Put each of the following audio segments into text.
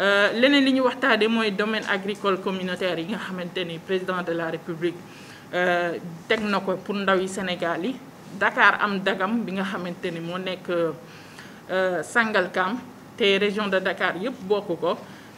Euh, leneen li ñu waxtaade mooy domaine agricole communautaire yi nga a président de la république euh, teg na pour Sénégal Dakar am dagam bi nga un ni moo euh, Sangalkam région de Dakar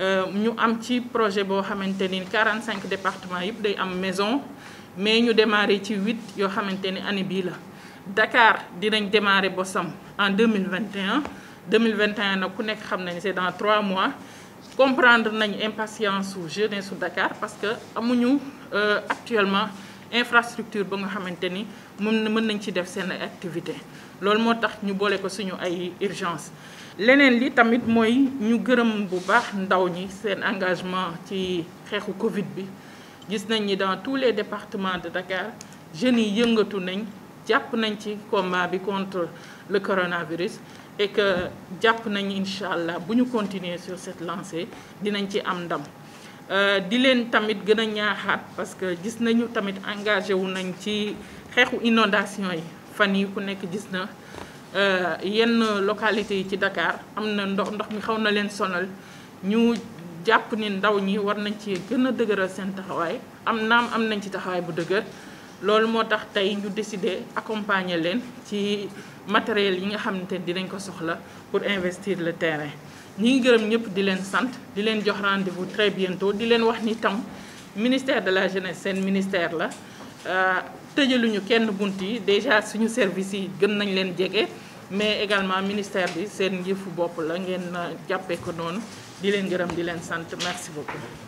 Nous avons un projet pour maintenir 45 départements mais day am maison mais ñu démarré ci 8 yoo xamante année Dakar dinañ démarré Bossam en 2021 2021 nous ku c'est dans trois mois comprendre l'impatience impatience jeunesse de Dakar parce que amuñu euh, actuellement infrastructure ba nga xamante ni mën mën nañ ci def seen activité loolu moo tax ñu boole ko suñu ay urgence leneen li tamit mooy ñu gërëm bu baax ndaw ñi seen engagement ci xeexu Covid bi gis nañ ni dans tous les départements de Dakar jeunes yi yëngatu nañ jàpp nañ ci combat bi contre le coronavirus et que jàpp nañ incha allah bu ñu continuer sur cette lancée dinañ ci am ndam Euh, di leen tamit gën a ñaaxaat parce que gis nañu tamit engagé wu nañ ci xeexu inondation yi fan yi ku nekk gis na euh, yenn localité yi ci dakaar am na ndox ndox mi xaw na leen sonal ñu jàpp ni ndaw ñi war nañ ci gën a dëgëral seen taxawaay am naam am nañ ci taxawaay bu dëgër loolu moo tax tey ñu décidé accompagner leen ci matériel yi nga xamante ne dinañ ko soxla pour investir le terrain ñi ngi gërëm ñëpp di leen sant di leen jox rendez-vous très bientôt di leen wax ni tam ministère de la jeunesse seen ministère la euh, tëjaluñu kenn bunti yi déjà suñu service yi gën nañ leen jege mais également ministère bi seen yëfu bopp la ngeen jàppee ko noonu di leen gërëm di leen sant merci beaucoup